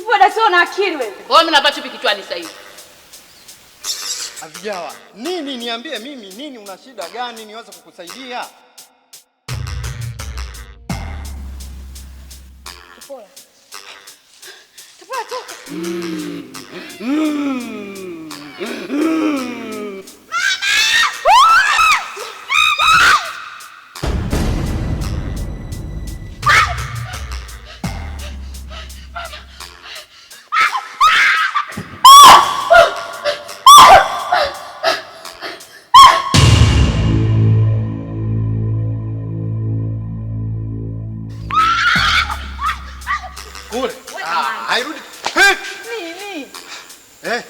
Dada sio na akili wewe. Wewe mnapata chupi kichwani sasa hivi. Avijawa, nini niambie mimi nini una shida gani niweze kukusaidia? Tupola. Tupola toka. Mm. Mm. kule ah, hairudi. Nini? Eh.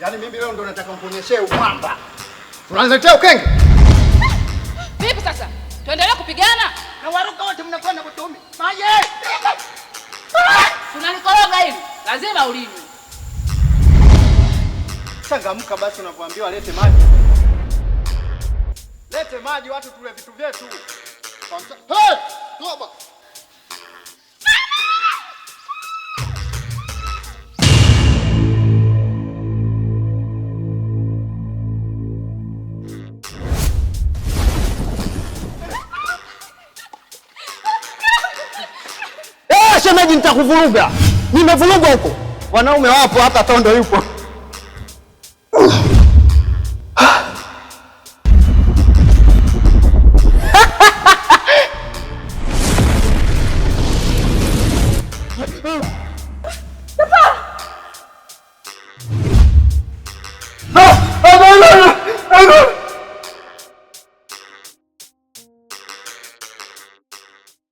Yaani mimi leo ndo nataka nikuonyeshe kwamba unaniletea ukenge. Vipi sasa? Tuendelee kupigana? Na waruka wote mnakwenda kutumi. Maye. Tunalikoroga hili. Lazima ulini. Changamka basi unavyoambiwa lete maji. Lete maji watu tule vitu vyetu. Hey! Toba. Eh, shemeji, nitakuvuruga. Nimevurugwa huko, wanaume wapo, hata tondo yupo. Boom.